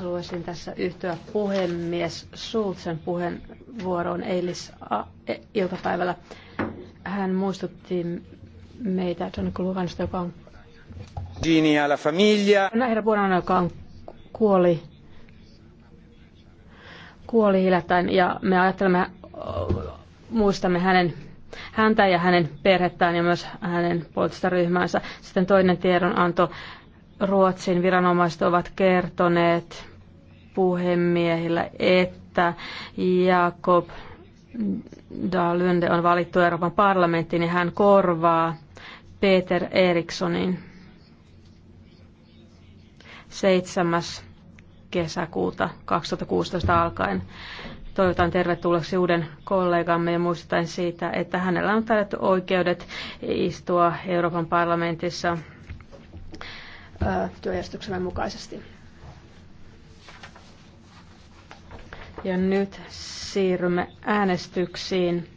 Haluaisin tässä yhtyä puhemies Sultsen puheenvuoroon eilis-iltapäivällä. E- Hän muistutti meitä John Kulukanista, joka on Virginia, la famiglia. Herra Buonan, joka on kuoli, kuoli hiljattain ja me ajattelemme, muistamme hänen häntä ja hänen perhettään ja myös hänen poliittista ryhmäänsä. Sitten toinen tiedonanto Ruotsin viranomaiset ovat kertoneet puhemiehillä että Jakob Dalunde on valittu Euroopan parlamenttiin ja hän korvaa Peter Erikssonin 7. kesäkuuta 2016 alkaen. Toivotan tervetulleeksi uuden kollegamme ja muistutan siitä, että hänellä on tarjottu oikeudet istua Euroopan parlamentissa työjärjestyksemme mukaisesti. Ja nyt siirrymme äänestyksiin.